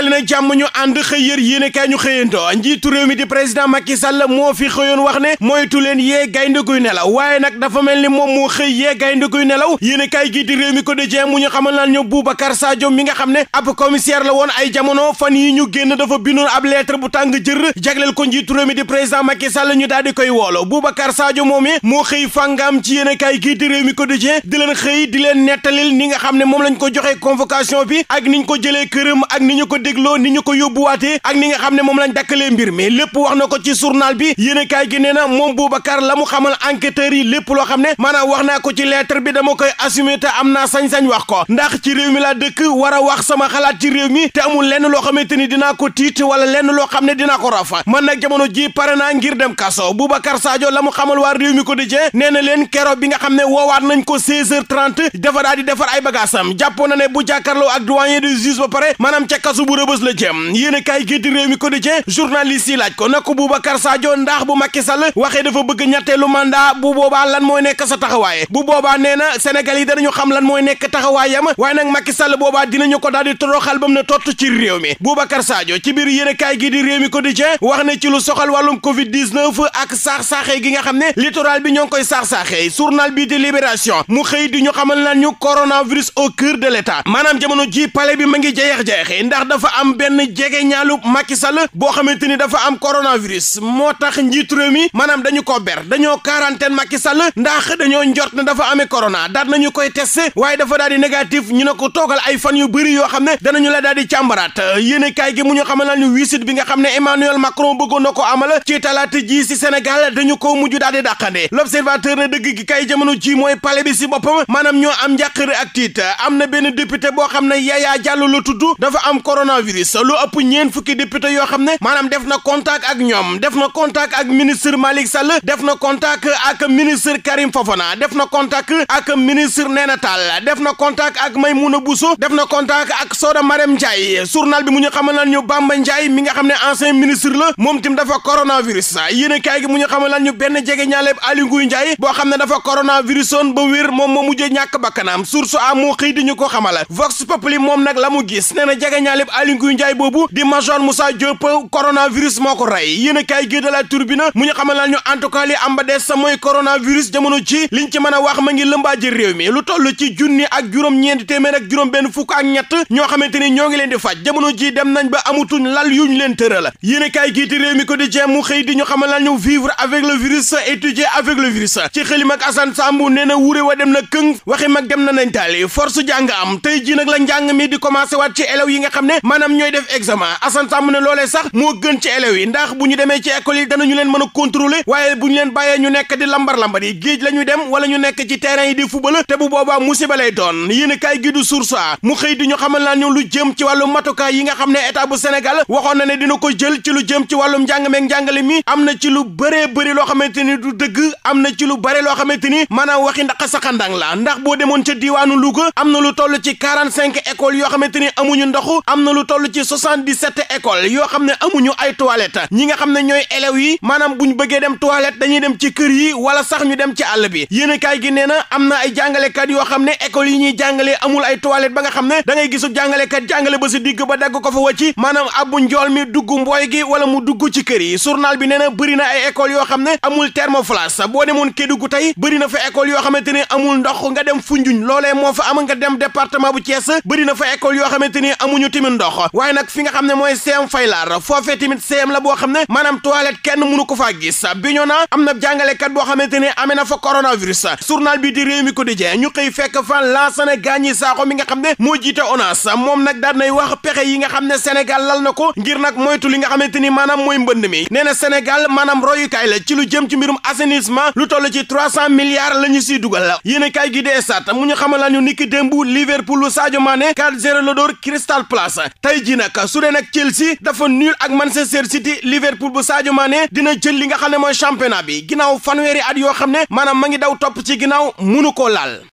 dali na jàmm ñu ànd xëy yër yéene kaay ñu xëyantoo njiitu réew mi di président Macky Sall moo fi xëyoon wax ne moytu leen yee gaynde guy nelaw waaye nag dafa mel ni moom moo xëy yee gaynde guy nelaw yéene kaay gii di réew mi ko dëjee mu ñu xamal naan ñu Boubacar Sadio mi nga xam ne ab commissaire la woon ay jamono fan yi ñu génn dafa bindoon ab lettre bu tàng jër jagleel ko njiitu réew mi di président Macky Sall ñu daal di koy woolo Boubacar Sadio moomee moo xëy fàngaam ci yéene kaay gii di réew mi ko dëjee di leen xëy di leen nettalil ni nga xam ne moom lañ ko joxee convocation bi ak niñ ko jëlee këram ak ni ñu ko dégloo ni ñu ko yóbbuwaatee ak ni nga xam ne moom lañ dakkalee mbir mais lépp wax na ko ci journal bi yéen kaay gi nee na moom Boubacar la mu xamal enquêteurs lépp loo xam ne maanaam wax naa ko ci lettre bi dama koy assumer te am naa sañ-sañ wax ko ndax ci réew mi la dëkk war a wax sama xalaat ci réew mi te amul lenn loo xamante ni dinaa ko tiit wala lenn loo xam ne dina ko rafa man nag jamono ji pare naa ngir dem kaso Boubacar Sadio la mu xamal waa réew mi ko dëjee nee na bi nga xam ne woowaat nañ ko 16h30 dafa daal di defar ay bagaasam bu ak doyen du juge ba pare maanaam rëbës la jëm yéen a kaay gi di réew mi quotidien journaliste yi laaj ko na ko Boubacar ndax bu Macky Sall waxee dafa bëgg ñetteelu mandat bu boobaa lan mooy nekk sa taxawaay bu boobaa nee na Sénégal yi danañu xam lan mooy nekk taxawaayam waaye nag Macky Sall boobaa dinañu ko daal di toroxal ba ne tott ci réew mi Boubacar Sadio ci biir yéen a kaay di réew mi quotidien wax na ci lu soxal wàllum Covid 19 ak saax-saaxee gi nga xam ne littoral bi ñoo ngi koy saax-saaxee journal bi di Libération mu xëy dafa am benn jege ñaalu Macky Sall boo xamante ni dafa am coronavirus moo tax njiitu mi maanaam dañu ko ber dañoo quarantaine Macky Sall ndax dañoo njort ne dafa amee corona daal nañu koy testé waaye dafa daal di ñu ne ko toogal ay fan yu bëri yoo xam ne danañu la daal di càmbaraat yéen kaay gi mu ñu xamal ñu wisit bi nga xam ne Emmanuel Macron bëggoon na ko amal ci talaata ji si Sénégal dañu ko mujj daal di dàqande l'observateur ne dëgg gi kay jamono ji mooy palais bi si maanaam ñoo am njàqare ak tiit am na benn député boo xam ne Yaya Diallo la tudd dafa am corona coronavirus lu ëpp ñeen fukki député yoo xam ne maanaam def na contact ak ñoom def na contact ak ministre Malick Sall def na contact ak ministre Karim Fofana def na contact ak ministre Néna Tall def na contact ak na Bousso def na contact ak Soda Marème Ndiaye journal bi mu ñu xamal ñu Bamba Ndiaye mi nga xam ne ancien ministre la moom tim dafa coronavirus yéen a kaay gi mu ñu xamal ñu benn jege ñaale Aliou Ngouye Ndiaye boo xam ne dafa coronavirus woon ba wér moom moo mujjee ñàkk bakkanam source a moo xëy di ko xamal Vox Populi la mu Aly Ngouille Ndiaye boobu di major Moussa Diop coronavirus moo ko rey yéen a kaay gi de la turbine mu ñu xamal ñu en tout cas li am ba des mooy coronavirus jamono ci liñ ci mën wax ma ngi lëmbaaji réew mi lu toll ci junni ak juróom-ñeenti téeméer juróom-benn fukk ak ñett ñoo xamante ni ñoo ngi leen di faj jamono ji dem nañ ba amutuñ lal yuñ leen tëral yéen a kaay gi di réew mi ko di jéem mu xëy di ñu xamal ñu vivre avec le virus étudier avec le virus dem na këng waxi mag dem na nañ taali force jàng am tey ji nag la njàng mi di commencé waat ci élèves yi nga xam ne maanaam ñooy def examen Assane Samb ne loolee sax moo gën ci élèves yi ndax bu ñu demee ci école yi danañu leen mën a contrôler waaye bu ñu leen bàyyee ñu nekk di lambar lambar yi géej la ñuy dem wala ñu nekk ci terrain yi di fu football te bu boobaa musiba lay doon yéen a kaay gi du source mu xëy di ñu xamal naa ñu lu jëm ci wàllu matukaay yi nga xam ne état bu Sénégal waxoon na ne dina ko jël ci lu jëm ci wàllum njàng meeg njàngale mi am na ci lu bëree bëri loo xamante ni du dëgg am na ci lu bëri loo xamante ni maanaam waxi ndax saxandang la ndax boo demoon ca diwaanu Louga am na lu toll ci quarante cinq écoles yoo xamante ni amuñu ndox na lu lu toll ci 77 école yoo xam ne amuñu ay toilette ñi nga xam ne ñooy élèves yi maanaam buñ bëggee dem toilette dañuy dem ci kër yi wala sax ñu dem ci àll bi yéen gi nee na am na ay jàngalekat yoo xam ne école yi ñuy jàngalee amul ay toilette ba nga xam ne da ngay gisu jàngalekat jàngale ba si digg ba dagg ko fa wàcc maanaam abbu njool mi dugg mbooy gi wala mu dugg ci kër yi journal bi nee na bëri na ay école yoo xam ne amul thermoflash boo demoon Kédougou tey bëri na fa école yoo xamante ni amul ndox nga dem Foundiougne loolee moo am nga dem département bu Thiès bëri na fa école yoo xamante ni amuñu timin ndox loxo waaye nag fi nga xam ne mooy CEM Faylar foofe tamit CEM la boo xam ne maanaam toilette kenn mënu ko faa gis bi ñoo na am na jàngalekat boo xamante ne amee na fa coronavirus journal bi di réew mi quotidien ñu xëy fekk fa Lansana Gagny Sakho mi nga xam ne moo jiite ONAS moom nag daan nay wax pexe yi nga xam ne Sénégal lal na ko ngir nag moytu li nga xamante ni maanaam mooy mbënd mi nee na Sénégal maanaam royukaay la ci lu jëm ci mbirum assainissement lu toll ci trois cent milliards la ñu dugal la yéen a kaay gi de esat mu ñu xamal ñu niki démb Liverpool Sadio Mané 4-0 la door Crystal Palace tey ji nag su dee nag Chelsea dafa nul ak Manchester City Liverpool bu Sadio Mané dina jël li nga xam ne mooy championnat bi ginnaaw at yoo xam ne maanaam ma ngi daw topp ci ginnaaw munu ko laal